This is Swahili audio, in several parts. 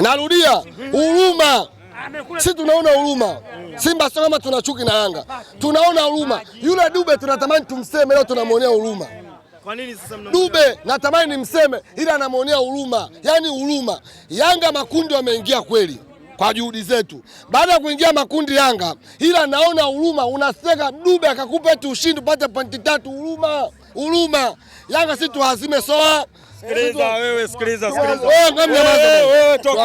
Narudia, huruma. Si tunaona huruma Simba, sio kama tuna chuki na Yanga, tunaona huruma. Yule Dube tunatamani tumseme, leo tunamwonea huruma. Kwa nini sasa mna Dube? Natamani nimseme, ila anamwonea huruma. Yaani huruma, Yanga makundi wameingia kweli kwa juhudi zetu, baada ya kuingia makundi Yanga, ila naona huruma. Unaseka Dube akakupa eti ushindi upate pointi tatu, huruma, huruma. Yanga si tuazime soa Sikiliza wewe, sikiliza, sikiliza. toka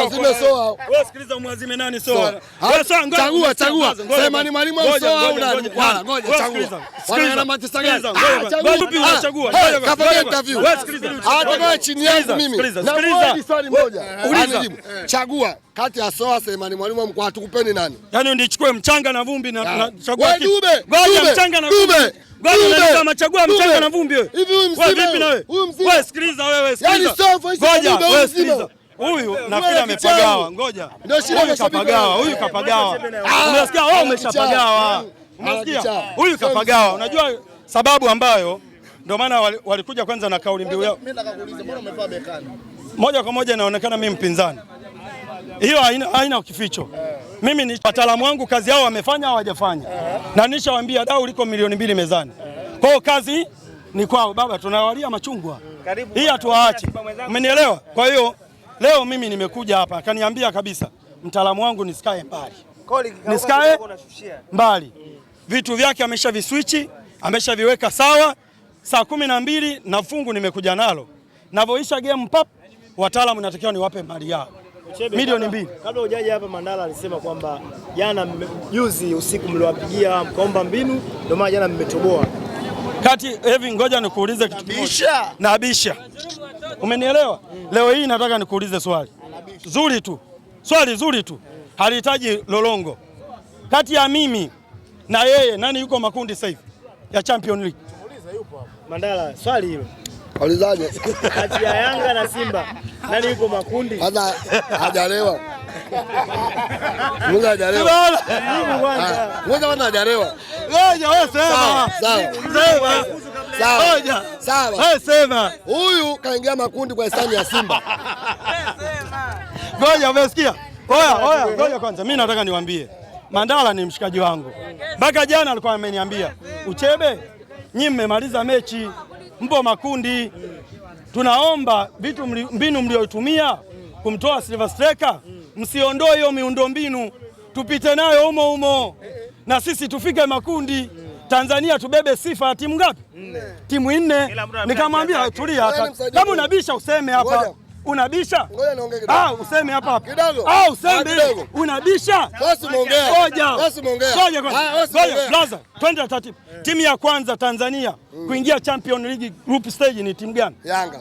Wewe sikiliza, mwazime nani Soa? Chagua, chagua. Sema ni mwalimu au Soa au nani? Ngoja, chagua. Wana na Manchester interview. Wewe sikiliza. Ah, Hata chini yangu mimi. Na swali moja. Uliza. Chagua kati ya Soa selemani ni mwalimu mkuu atukupeni nani? Yaani ndichukue mchanga na vumbi na ah. chagua kipi? Ngoja mchanga na vumbi. Amechagua mchanga na vumbi wewe. Vipi na wewe? Wewe sikiliza wewe, yaani sikiliza. Ngoja wewe sikiliza. Huyu nafikiri amepagawa. Ngoja. Huyu kapagawa, huyu kapagawa. Unasikia wewe umeshapagawa. Unasikia? Huyu kapagawa. Unajua sababu ambayo ndio maana walikuja kwanza na kauli mbiu yao. Mimi nataka kuuliza mbona umevaa Moja kwa moja inaonekana mimi mpinzani. Hiyo haina haina kificho. Eh mimi ni wataalamu wangu, kazi yao wamefanya au hawajafanya, uh-huh. na nishawaambia dau liko milioni mbili mezani. Uh-huh. Kwa hiyo kazi ni kwao. Baba, tunawalia machungwa, hii hatuwaache umenielewa? Kwa hiyo leo mimi nimekuja hapa, akaniambia kabisa mtaalamu wangu nisikae mbali, nisikae mbali, vitu vyake amesha amesha ameshaviweka sawa. Saa kumi na mbili na fungu nimekuja nalo, navyoisha game pap, wataalamu natakiwa niwape mali yao milioni mbili. Kabla hujaje hapa, Mandala alisema kwamba jana juzi usiku mliwapigia mkaomba mbinu, ndio maana jana mmetoboa kati hivi. Ngoja nikuulize kitu kimoja, nabisha, umenielewa? hmm. Leo hii nataka nikuulize swali zuri tu, swali zuri tu, halihitaji lolongo. Kati ya mimi na yeye, nani yuko makundi sasa hivi ya Champion League? Mandala, swali hilo. Kati ya Yanga na Simba nani yuko makundi? Sasa hajalewa. Mungu hajalewa. Mungu ah, wana hajalewa. Ngoja wewe sema. Sawa. Sawa. Sawa. Sawa. Wewe sema. Huyu kaingia makundi kwa hisani ya Simba. Ngoja umesikia? Oya, oya, ngoja kwanza. Mimi nataka niwaambie. Mandala ni mshikaji wangu. Mpaka jana alikuwa ameniambia, Uchebe, nyinyi mmemaliza mechi. Mpo makundi tunaomba vitu mli, mbinu mlioitumia kumtoa Silver Striker msiondoe hiyo miundo mbinu, tupite nayo humo humo na sisi tufike makundi. Tanzania tubebe sifa ya timu ngapi? Timu nne. Nikamwambia tulia, hata kama unabisha useme hapa Unabisha? Ngoja niongee kidogo. Ah, useme hapa hapa. Kidogo. Ah, useme. Ah, Unabisha? Basi muongea. Ngoja. Basi muongea. Ngoja kwanza. Ah, ngoja blaza. Twende taratibu. Eh. Timu ya kwanza Tanzania mm. kuingia Champions League group stage ni timu gani? Yanga.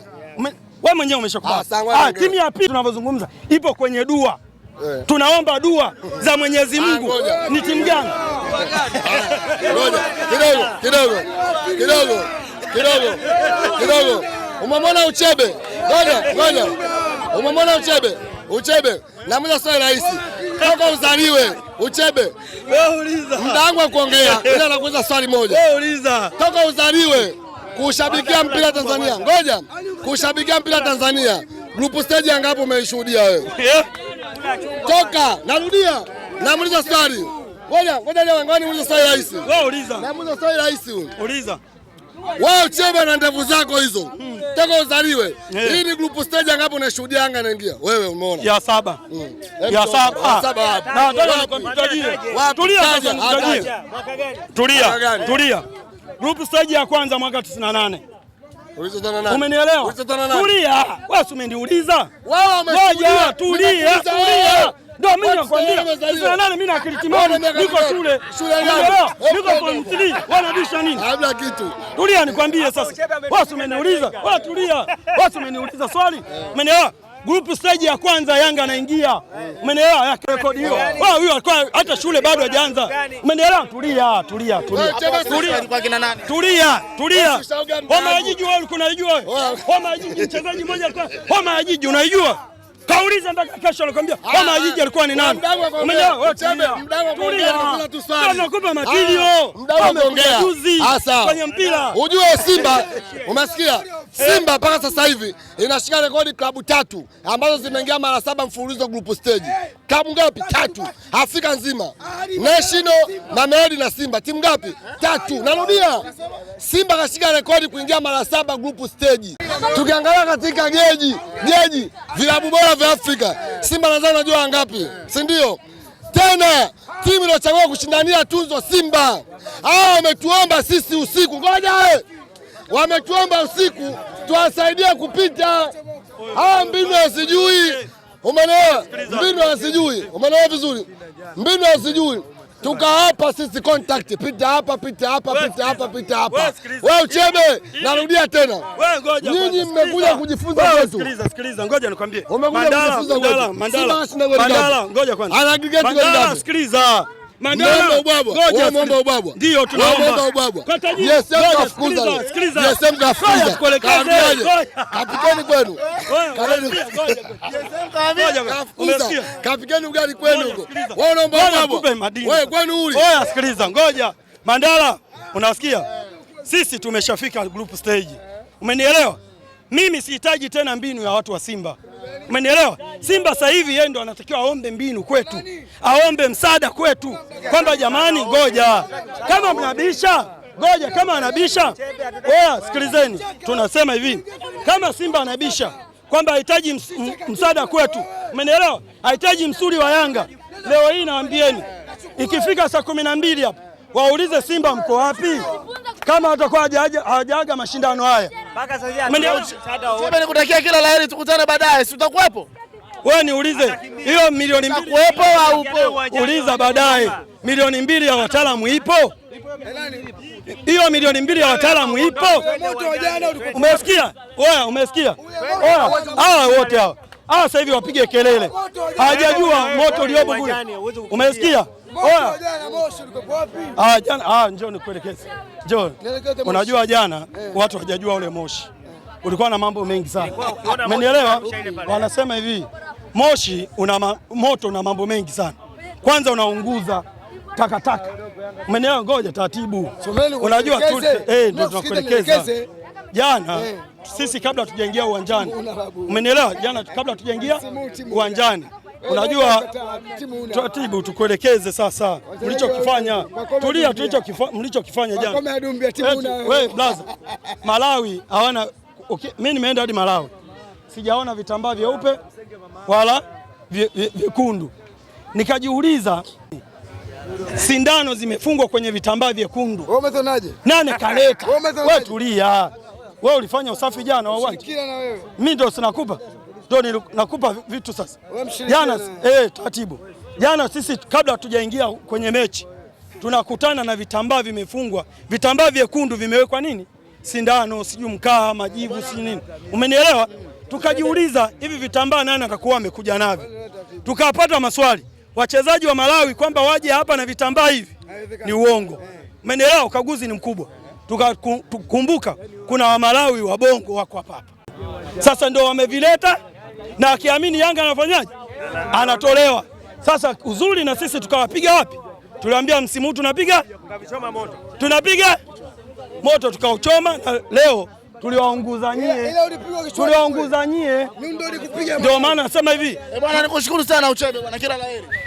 wewe mwenyewe umeshakubali. Ah, ah timu ya pili tunavyozungumza ipo kwenye dua. Yeah. Tunaomba dua za Mwenyezi ah, Mungu. Ni timu gani? Ngoja. Kidogo. Kidogo. Kidogo. Kidogo. Kidogo. Umemwona Uchebe? Ngoja ngoja, umemwona Uchebe? Uchebe mmoja sio rahisi toka uzaliwe. Uchebe muda wangu wa kuongea, ila nakuuliza swali moja. Toka uzaliwe kushabikia mpira Tanzania, ngoja yaani kushabikia mpira Tanzania, group stage angapo umeishuhudia wewe? Toka narudia, namuuliza swali. Ngoja ngoja, leo ngani, muuliza swali rahisi. Wewe uliza, namuuliza swali rahisi. Uliza. Wewe cheba na ndevu zako hizo mm. Toka uzaliwe yeah. Hii ni group stage ngapi unashuhudia Yanga inaingia? Wewe umeona ya saba mm. ya saba saba ah. na tulia tulia, group stage ya kwanza mwaka 98 umenielewa? Tulia wewe, umeniuliza wewe, tulia tulia ndio mimi nakwambia. Sasa nani mimi na akili timamu niko shule. Niko form 3. Wanabisha nini? Hamna kitu. Tulia nikwambie sasa. Watu umeniuliza. Wewe tulia. Watu umeniuliza swali. Umeelewa? Group stage ya kwanza Yanga anaingia. Umeelewa? Yake rekodi hiyo. Yaani- Wao huyo alikuwa hata shule bado hajaanza. Yaani- Umeelewa? Tulia, tulia, tulia. Tulia Tulia, tulia. Homa ya jiji wewe unaijua? Homa ya jiji mchezaji mmoja alikuwa. Homa ya jiji unaijua? Kaulize mpaka kesho, anakuambia kama ah, Ajiji alikuwa ni nani? Nakupa ah, matilio ah, kwenye mpira, ujue Simba umesikia? Simba mpaka sasa hivi inashika rekodi klabu tatu ambazo zimeingia mara saba mfululizo group stage. Klabu ngapi? Tatu Afrika nzima, National, Mamelodi na Simba. Timu ngapi? Tatu. Narudia, Simba kashika rekodi kuingia mara saba group stage. Tukiangalia katika geji geji vilabu bora vya Afrika, Simba nadhani unajua ngapi, si ndio? Tena timu iliyochagua kushindania tuzo Simba hawa wametuomba sisi usiku, ngoja wametuomba usiku tuwasaidia kupita. Hawa mbinu wasijui, umeelewa? Mbinu wasijui, umeelewa vizuri? Mbinu wasijui tuka hapa sisi contact, pita hapa, pita hapa, pita hapa, pita hapa. We uchebe, narudia tena, nyinyi mmekuja kujifunza kwetu. Sikiliza, ngoja nikwambie, umekuja kujifunza kwetu. Mandala, Mandala, ngoja kwanza, ana aggregate ngapi? Sikiliza Mandala ubabwa. Ndio tunaomba ubabwa. Kaambiaje? Kapigeni kwenu. Ngoja. Kapigeni ugali kwenu huko. Wewe unaomba ubabwa. Wewe kwenu uli. sikiliza. Ngoja. Mandala, unasikia? Eh. Sisi tumeshafika group stage. Umenielewa? Mimi sihitaji tena mbinu ya watu wa Simba, umenielewa? Simba sasa hivi yeye ndo anatakiwa aombe mbinu kwetu, aombe msaada kwetu kwamba jamani, ngoja kama mnabisha ngoja kama anabisha oya, sikilizeni, tunasema hivi, kama Simba anabisha kwamba hahitaji msaada kwetu, umenielewa? Hahitaji msuri wa Yanga. Leo hii nawaambieni, ikifika saa kumi na mbili hapa waulize Simba mko wapi? kama watakuwa hawajaaga mashindano haya. Nikutakia kila laheri, tukutane baadaye, si utakuwepo wewe? Niulize hiyo milioni mbili kuwepo au upo? Yaani Uliza baadaye, milioni mbili ya wataalamu ipo hiyo milioni mbili ya wataalamu ipo. Umesikia? Oya, umesikia? Oya, hawa wote hawa hawa sasa hivi wapige kelele, hawajajua moto uliopo kule. Umesikia? Ah, jana ah, njoo nikuelekeze. Njoo. Unajua jana eh. watu hawajajua ule moshi eh. ulikuwa na mambo mengi sana, umenielewa? Wanasema hivi moshi una moto una mambo mengi sana. Kwanza unaunguza takataka, umenielewa? Ngoja taratibu, unajua tu eh, ndio tunakuelekeza jana eh. sisi kabla tujaingia uwanjani, umenielewa? Jana kabla tujaingia uwanjani Unajua taratibu, tukuelekeze sasa mlichokifanya. Tulia, mlichokifanya jana, Malawi hawana okay. Mimi nimeenda hadi Malawi sijaona vitambaa vyeupe wala vyekundu, nikajiuliza sindano zimefungwa kwenye vitambaa vyekundu. Wewe umezonaje? Nani kaleta? Wewe tulia. Wewe ulifanya usafi jana wa mi Mimi ndio sinakupa ndio nakupa vitu sasa. Jana eh, taratibu. Jana sisi kabla hatujaingia kwenye mechi tunakutana na vitambaa vimefungwa, vitambaa vyekundu vimewekwa nini, sindano sijui mkaa majivu si nini, umenielewa? Tukajiuliza, hivi vitambaa nani atakuwa amekuja navyo? Tukapata maswali wachezaji wa Malawi kwamba waje hapa na vitambaa hivi, ni uongo, umenielewa? Ukaguzi ni mkubwa. Tukakumbuka kuna Wamalawi wabongo wako hapa hapa, sasa ndio wamevileta na akiamini Yanga anafanyaje? Anatolewa. Sasa uzuri na sisi tukawapiga wapi? Tuliambia msimu huu tunapiga moto, tunapiga moto tukauchoma, na leo tuliwaunguza nyie, tuliwaunguza nyie, ndio maana nasema hivi. Eh, bwana nikushukuru sana Uchebe bwana, kila la heri.